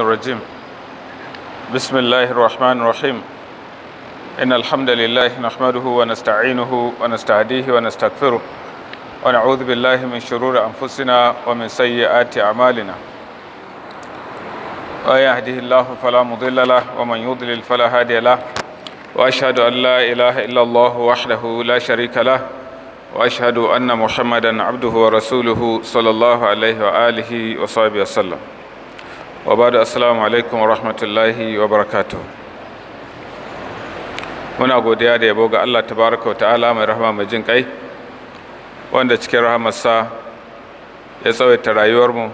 الرجيم بسم الله الرحمن الرحيم إن الحمد لله نحمده ونستعينه ونستهديه ونستغفره ونعوذ بالله من شرور أنفسنا ومن سيئات أعمالنا ويهده الله فلا مضل له ومن يضلل فلا هادي له وأشهد أن لا إله إلا الله وحده لا شريك له وأشهد أن محمدا عبده ورسوله صلى الله عليه وآله وصحبه وسلم wa ba da assalamu alaikum wa rahmatullahi wa barakatu muna godiya da yabo ga allah tabaraka wa ta'ala mai rahama mai jin kai wanda cikin rahamarsa ya tsawaita rayuwarmu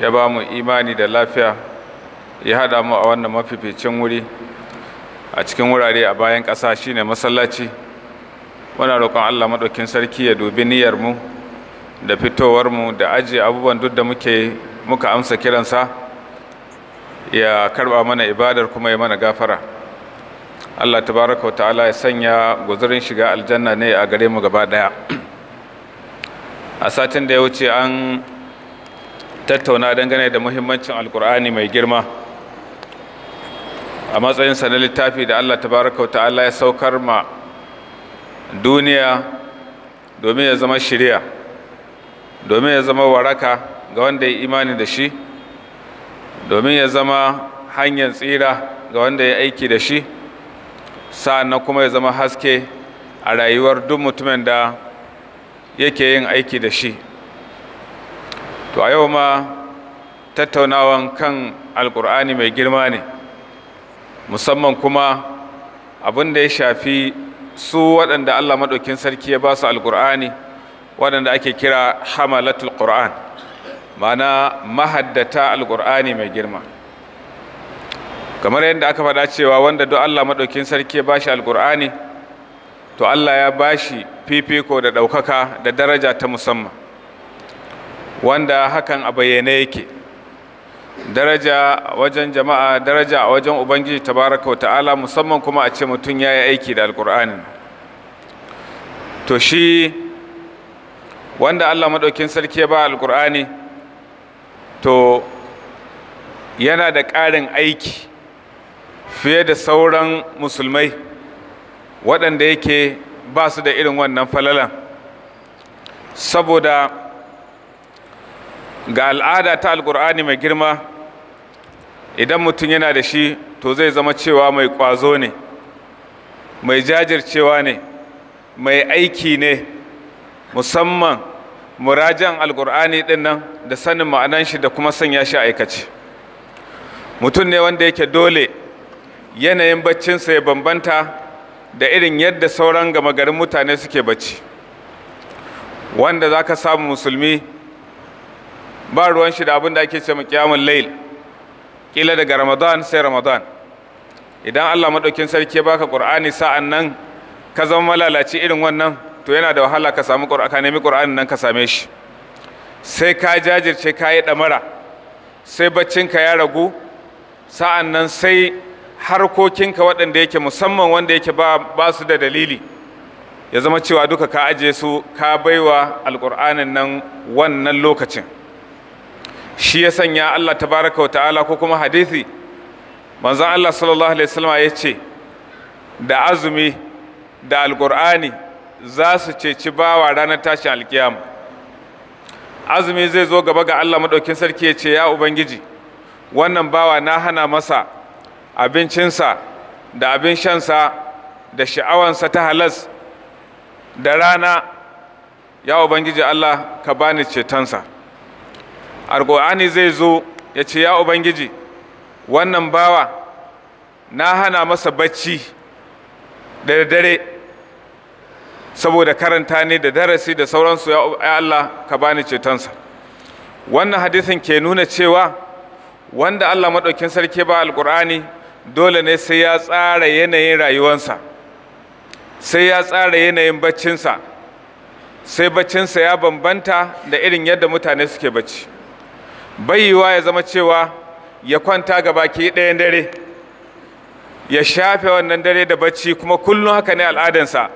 ya ba mu imani da lafiya ya haɗa mu a wannan mafificin wuri a cikin wurare a bayan ƙasa shine masallaci muna roƙon allah maɗaukin sarki ya dubi niyyarmu mu da fitowarmu da ajiye abubuwan duk da muke muka amsa kiransa ya karba mana ibadar kuma ya mana gafara Allah tabaraka wa ta'ala ya sanya guzurin shiga aljanna ne a gare mu gaba daya a satin da ya wuce an tattauna dangane da muhimmancin alkur'ani mai girma a matsayinsa na littafi da Allah tabaraka wa ta'ala ya saukar ma duniya domin ya zama shirya domin ya zama waraka ga wanda ya imani da shi domin ya zama hanyar tsira ga wanda ya aiki da shi na kuma ya zama haske a rayuwar duk mutumin da yake yin aiki da shi to a yau ma tattaunawan kan alkur'ani mai girma ne musamman kuma abin da ya shafi su waɗanda allah maɗaukin sarki ya ba su alkur'ani waɗanda ake kira hamalatul qur'an ma'ana mahaddata alƙur'ani mai girma kamar yadda aka faɗa cewa wanda duk Allah maɗaukin sarki ya bashi alƙur'ani to Allah ya bashi fifiko da ɗaukaka da daraja ta musamman wanda hakan a bayyane yake daraja wajen jama'a daraja a wajen ubangiji tabaraka wa ta'ala musamman kuma a ce mutum ya yi aiki da alƙur'ani to shi wanda Allah maɗaukin sarki ya ba alƙur'ani to yana da ƙarin aiki fiye da sauran musulmai waɗanda yake ba su da irin wannan falalan saboda ga al'ada ta alƙur'ani mai girma idan mutum yana da shi to zai zama cewa mai ƙwazo ne mai jajircewa ne mai aiki ne musamman murajan alkur'ani din nan da sanin ma'anan shi da kuma sanya shi aikace mutum ne wanda yake dole yanayin baccinsa ya bambanta da irin yadda sauran gama garin mutane suke bacci wanda za ka samu musulmi ba ruwan shi da abin da ake ce kiyamun lail kila daga ramadan sai ramadan idan allah maɗaukin sarki ya baka ƙur'ani sa'an nan ka zama malalaci irin wannan to yana da wahala ka samu ka nemi ƙur'anin nan ka same shi sai ka jajirce ka yi ɗamara sai baccinka ya ragu sa'an nan sai harkokinka waɗanda yake musamman wanda yake ba su da dalili ya zama cewa duka ka aje su ka baiwa alƙur'anin nan wannan lokacin shi ya sanya Allah tabaraka wa ta'ala ko kuma hadithi manzan Allah sallallahu alaihi wasallam ya ce da azumi da alƙur'ani za su ceci bawa ranar tashin alkiyama azumi zai zo gaba ga Allah maɗaukin sarki ya ce ya ubangiji wannan bawa na hana masa abincinsa da abin shansa da sha'awansa ta halas da rana ya ubangiji Allah ka bani cetonsa alƙur'ani zai zo ya ce ya ubangiji wannan bawa na hana masa bacci da dare saboda karanta ne da darasi da sauransu ya Allah ka bani cetonsa wannan hadisin ke nuna cewa wanda Allah maɗaukin sarki ba alƙur'ani dole ne sai ya tsara yanayin rayuwansa sai ya tsara yanayin baccinsa sai baccinsa ya bambanta da irin yadda mutane suke bacci bayiwa ya zama cewa ya kwanta ga baki ɗayan dare ya shafe wannan dare da bacci kuma kullum haka ne al'adansa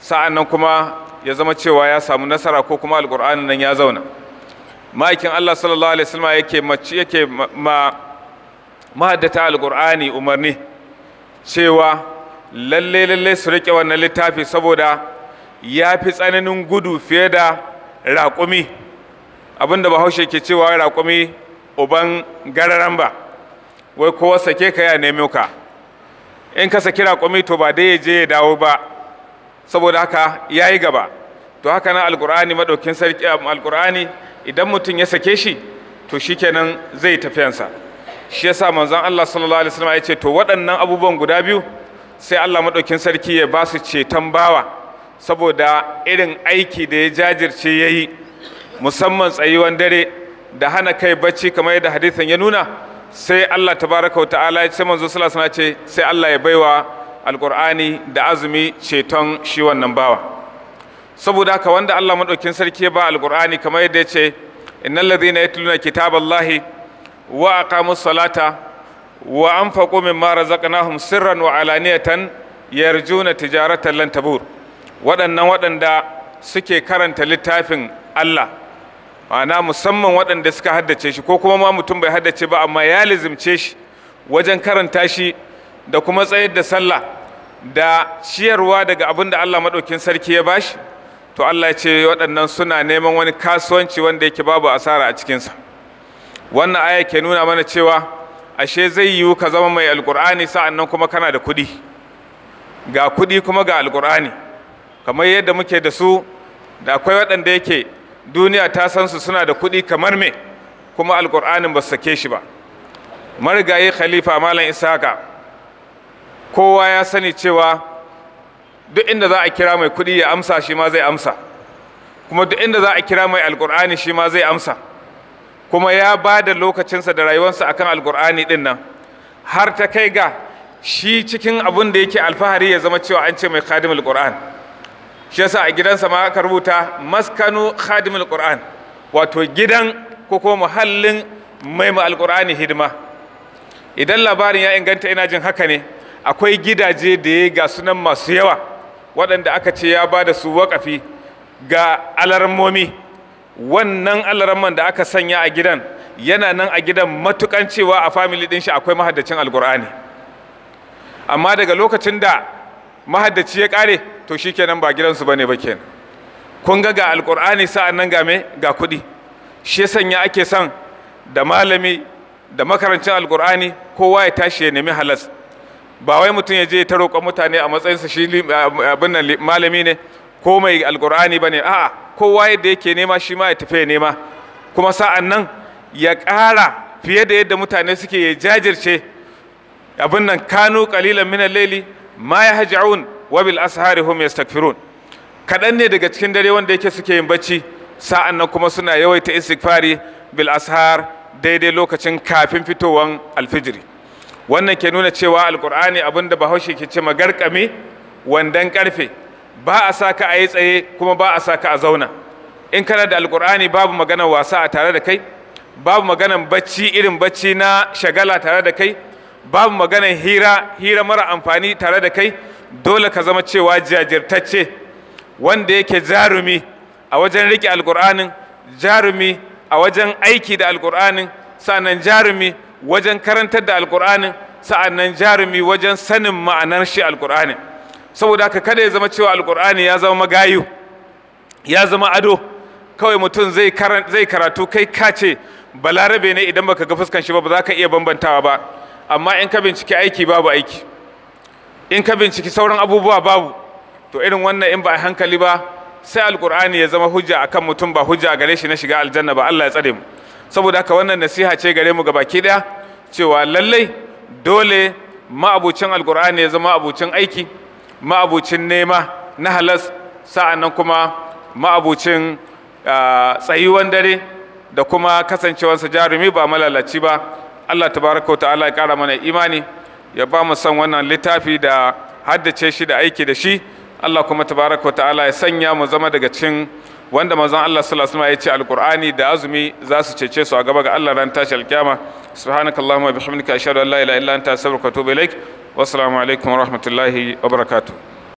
sa'an nan kuma ya zama cewa ya samu nasara ko kuma alƙur'anin nan ya zauna ma'aikin Allah sallallahu alaihi wasallam yake mace yake ma mahaddata alƙur'ani umarni cewa lalle lalle su riƙe wannan littafi saboda ya fi tsananin gudu fiye da raƙumi abinda bahaushe ke cewa raƙumi uban gararan ba wai kowa sake ka ya nemo ka in ka saki raƙumi to ba dai ya je ya dawo ba saboda haka ya yi gaba to haka nan alkur'ani maɗaukin sarki um, alkur'ani idan mutum ya sake shi to shikenan zai tafiyansa shi yasa manzon Allah sallallahu alaihi wasallam ya ce to waɗannan abubuwan guda biyu sai Allah maɗaukin sarki ya ba su ceton bawa saboda irin aiki da ya jajirce ya yi musamman tsayuwan dare da hana kai bacci kamar yadda hadisin ya nuna sai Allah tabaraka wa ta'ala sai manzo sallallahu alaihi wasallam ce sai Allah ya baiwa alkur'ani da azumi ceton shi wannan bawa saboda haka wanda Allah madaukin sarki ya ba alkur'ani kamar yadda ya ce innal ladhina yatluna kitaballahi wa aqamus salata wa anfaqu mimma razaqnahum sirran wa alaniyatan yarjuna tijaratan lan tabur waɗannan waɗanda suke karanta littafin Allah ma'ana musamman waɗanda suka haddace shi ko kuma ma mutum bai haddace ba amma ya lizimce shi wajen karanta shi da kuma tsayar da sallah da ciyarwa daga abin da Allah maɗaukin sarki ya bashi to Allah ya ce waɗannan suna neman wani kasuwanci wanda yake babu asara a cikinsa wannan aya ke nuna mana cewa ashe zai yiwu ka zama mai alƙur'ani sa'an nan kuma kana da kuɗi ga kuɗi kuma ga alƙur'ani kamar yadda muke da su da akwai waɗanda yake duniya ta san su suna da kuɗi kamar me kuma alƙur'anin ba su sake shi ba marigayi khalifa malam Isaka. kowa ya sani cewa duk inda za a kira mai kuɗi ya amsa shi ma zai amsa kuma duk inda za a kira mai alƙur'ani shi ma zai amsa kuma ya ba da lokacinsa da rayuwarsa akan alƙur'ani ɗin nan har ta kai ga shi cikin abin da yake alfahari ya zama cewa an ce mai khadim Alƙur'an shi yasa a gidansa ma aka rubuta maskanu khadim Alƙur'an wato gidan ko kuma muhallin mai ma alƙur'ani hidima idan labarin ya inganta ina jin haka ne akwai gidaje da ya ga sunan masu yawa waɗanda aka ce ya ba da su waƙafi ga alarmomi wannan alarman da aka sanya a gidan yana nan a gidan matukan cewa a famili ɗin shi akwai mahaddacin Alƙur'ani. amma daga lokacin da mahaddaci ya ƙare to shi kenan ba gidansu ba ne ba kenan kun ga ga Alƙur'ani sa'an nan ga ga kuɗi shi sanya ake son da malami da makarancin Alƙur'ani kowa ya tashi ya nemi halas ba wai mutum ya je ta roƙon mutane a matsayinsa shi abin nan malami ne ko mai alƙur'ani ba ne a'a kowa yadda yake nema shi ma ya tafi ya nema kuma sa'an nan ya ƙara fiye da yadda mutane suke ya jajirce abin nan kanu qalilan min al-layli ma yahja'un wa bil ashari hum yastaghfirun kaɗan ne daga cikin dare wanda yake suke yin bacci sa'an nan kuma suna yawaita istighfari bil ashar daidai lokacin kafin fitowan alfijiri wannan ke nuna cewa alkur'ani abinda bahaushe ke ce magarkame wandan karfe ba a sa ka a yi tsaye kuma ba a sa ka a zauna in kana da alkur'ani babu maganar wasa a tare da kai babu maganar bacci irin bacci na shagala tare da kai babu maganar hira hira mara amfani tare da kai dole ka zama cewa jajirtacce wanda yake jarumi a wajen riƙe alkur'anin jarumi a wajen aiki da alkur'anin sannan jarumi wajen karantar da sa'an sa'annan jarumi wajen sanin ma'anar shi Alƙur'ani saboda haka kada ya zama cewa alƙur'ani ya zama magayu ya zama ado kawai mutum zai karatu kai kace balarabe ne idan baka ga fuskan shi ba za ka iya bambantawa ba amma in ka binciki aiki babu aiki in ka binciki sauran abubuwa babu to irin wannan in ba a hankali ba sai alkur'ani ya zama hujja akan mutum ba hujja gare shi na shiga aljanna ba Allah ya tsare mu saboda haka wannan nasiha ce gare mu gabaki daya cewa lallai dole ma'abucin alkur'ani ya zama abucin aiki ma'abucin nema na halas nan kuma ma'abucin ah, tsayuwan dare da kuma kasancewarsa jarumi ba malalaci ba allah tabaraka ta'ala ya kara mana imani ya ba mu san wannan littafi da haddace shi da aiki da shi allah kuma tabaraka ta'ala ya sanya mu zama daga cikin wanda manzon Allah sallallahu alaihi wasallam ya ce alqur'ani da azumi za su cece su a gaba ga Allah ran tashi alkiyama subhanakallahumma bihamdika ashhadu an la ilaha illa anta astaghfiruka wa atubu ilaik wassalamu alaikum wa rahmatullahi wa barakatuh